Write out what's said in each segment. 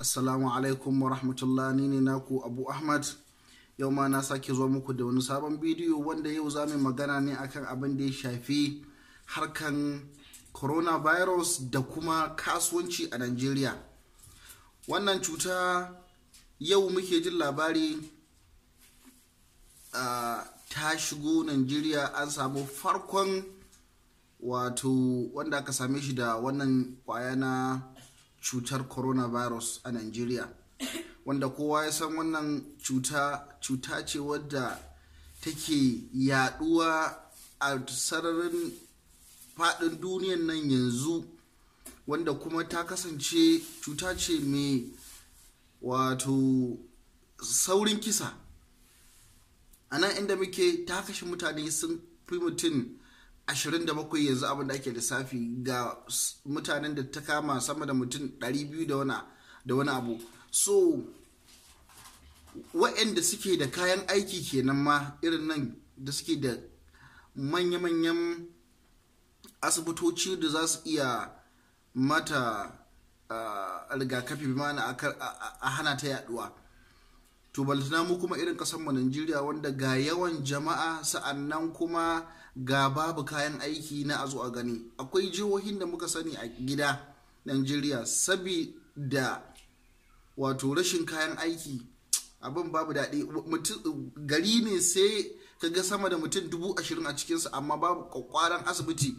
assalamu alaikum wa rahmatullah ni ne naku abu ahmad yau ma na sake zo muku da wani sabon bidiyo wanda yau za mu magana ne akan abin da ya shafi harkan coronavirus da kuma kasuwanci a nigeria wannan cuta yau muke jin labari uh, ta shigo nigeria an samu farkon wato wanda aka same shi da wannan kwaya cutar coronavirus a Najeriya. Wanda kowa ya san wannan cuta cuta ce wadda take yaduwa a sararin faɗin duniyan nan yanzu wanda kuma ta kasance cuta ce mai wato saurin kisa a nan inda muke ta kashe mutane sun fi mutum ashirin da bakwai yanzu abin da ake lissafi ga mutanen da ta kama sama da mutum 200 da wani abu so waɗanda suke da kayan aiki kenan ma irin nan da suke da manya-manyan asibitoci da za su iya mata ah, rigakafi mana a hana ta yaduwa to balantana mu kuma irin kasar mu Najeriya wanda ga yawan jama'a sa'annan kuma ga babu kayan aiki na zo a gani akwai jihohin da muka sani a gida Najeriya sabida wato rashin kayan aiki abin babu daɗi gari ne sai ka ga sama da mutum dubu ashirin a cikinsa amma babu kwakwaran asibiti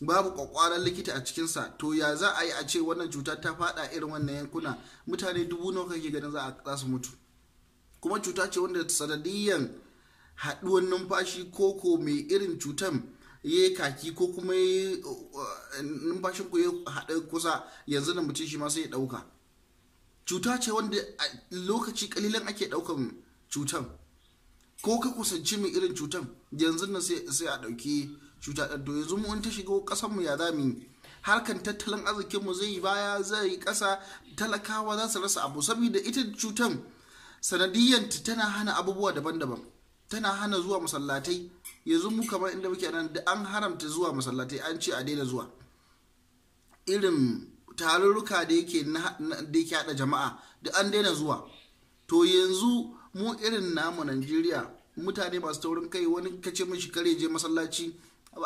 babu kwakwaran likita a cikinsa to ya za a yi a ce wannan cuta ta faɗa irin wannan yankuna mutane dubu nawa kake ganin za su mutu kuma cuta ce wanda sanadiyan haɗuwan numfashi koko mai irin cutan ya yi kaki ko kuma eh, numfashin ku ya haɗa kusa yanzu da mutum shi ma sai ya ɗauka cuta ce wanda lokaci kalilan ake ɗaukan cutan ko ka kusanci mai irin cutan yanzu na sai a ɗauki cuta ɗan to yanzu mu ta shiga ƙasanmu ya za mu harkan tattalin arzikinmu zai yi baya zai yi ƙasa talakawa za su rasa abu saboda ita cutan sanadiyyanta tana hana abubuwa daban-daban tana hana zuwa masallatai yanzu mu kamar inda muke nan da an haramta zuwa masallatai an ce a daina zuwa irin tarurruka da yake da yake jama'a da an daina zuwa to yanzu mu irin namu Najeriya mutane masu taurin kai wani kace mishi kare je masallaci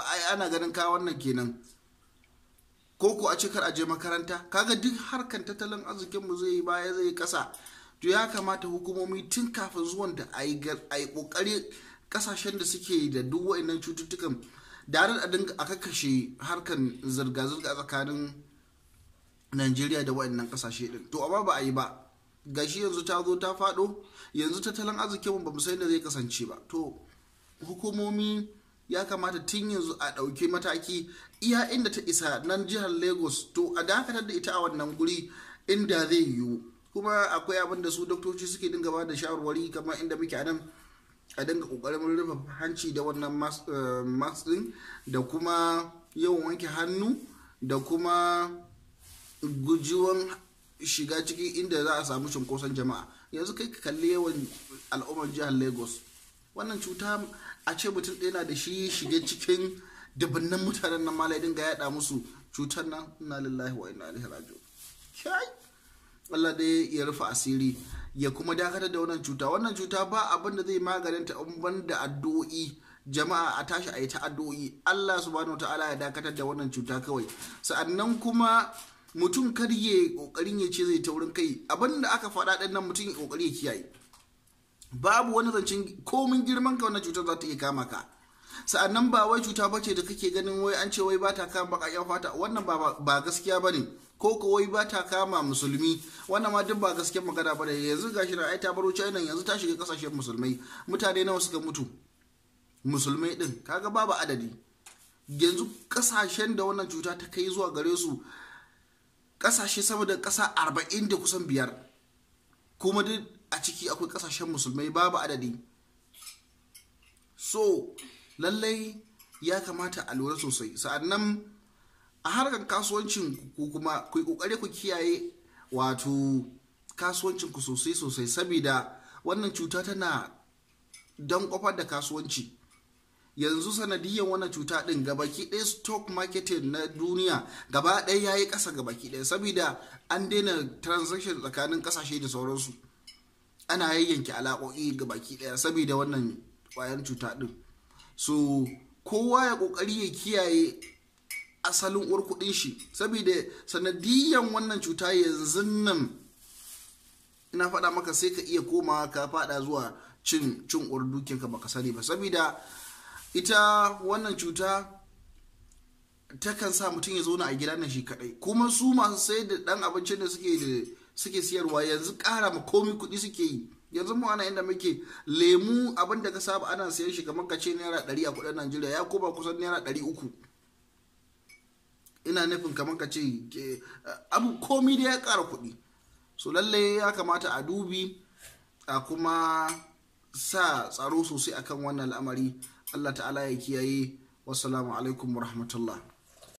ai ana ganin ka wannan kenan ko ko a ce kar a je makaranta kaga duk harkan tattalin arzikin mu zai yi baya zai kasa to ya kamata hukumomi tun kafin zuwan da a yi kokari kasashen da suke da duk wa'annan cututtukan da har a dinga a kakashe harkan zirga-zirga tsakanin najeriya da wa'annan kasashe din to amma ba a yi ba gashi yanzu ta zo ta faɗo yanzu tattalin arzikinmu ba mu san da zai kasance ba to hukumomi ya kamata tun yanzu a ɗauki mataki iya inda ta isa nan jihar lagos to a dakatar da ita a wannan guri inda zai yiwu kuma akwai abin da su doktoci suke dinga ba da shawarwari kamar inda muke nan a dinga kokarin rufe hanci da wannan mask din eh, da kuma yawan wanke hannu da kuma gujiwan shiga ciki inda za a samu cunkoson jama'a yanzu kai ka kalli yawan al'ummar jihar lagos wannan cuta a ce mutum ɗaya na da shi shiga cikin dubunnan mutanen nan malai dinga yaɗa musu cutar nan na lillahi wa inna Allah dai ya rufe asiri ya kuma dakatar da wannan cuta wannan cuta ba abin da zai maganinta in ban da addu'o'i jama'a a tashi a yi ta addu'o'i Allah subhanahu ta'ala ya dakatar da wannan cuta kawai sa'annan kuma mutum kar ya kokarin ya ce zai taurin kai abin da aka faɗa ɗin nan mutum ya kokari ya kiyaye babu wani zancen komin girman ka wannan cutar za ta iya kama ka sa'annan ba wai cuta bace da kake ganin wai an ce wai ba ta kama baƙaƙen fata wannan ba gaskiya ba bane ko kawai ba ta kama musulmi wannan ma duk ba gaskiyar magana ba da yanzu gashi na ai ta baro china yanzu ta shiga kasashen musulmai mutane nawa suka mutu musulmai din kaga babu adadi yanzu kasashen da wannan cuta ta kai zuwa gare su kasashe sama da kasa arba'in da kusan biyar kuma duk a ciki akwai kasashen musulmai babu adadi so lallai ya kamata a lura sosai sa'annan a harkar kasuwancin ku kuma ku kokare ku kiyaye wato kasuwancin ku sosai sosai saboda wannan cuta tana don kofar da kasuwanci yanzu sanadiyan wannan cuta din baki ɗaya stock market na duniya gaba ɗaya ya yi ƙasa baki ɗaya saboda an daina transaction tsakanin ƙasashe da sauransu ana yayyanke alaƙoƙi ga baki ɗaya saboda wannan ƙwayar cuta din so kowa ya ƙoƙari ya kiyaye asalin uwar kuɗin shi saboda sanadiyan wannan cuta yanzu nan ina faɗa maka sai ka iya koma ka faɗa zuwa cin cin uwar dukinka baka sani ba saboda ita wannan cuta takan sa mutum ya zauna a gida na shi kadai kuma su masu sai da dan abincin da suke da suke siyarwa yanzu ƙara ma komi kuɗi suke yi yanzu mu ana inda muke lemu abin da ka saba ana siyan shi kamar ka ce naira ɗari a kudin najeriya ya koma kusan naira 300 uku ina nufin kamar ka ce abu komi da ya ƙara kuɗi so lalle ya kamata a dubi a kuma sa tsaro sosai akan wannan al'amari allah ta'ala ya kiyaye wasu alaikum wa rahmatullah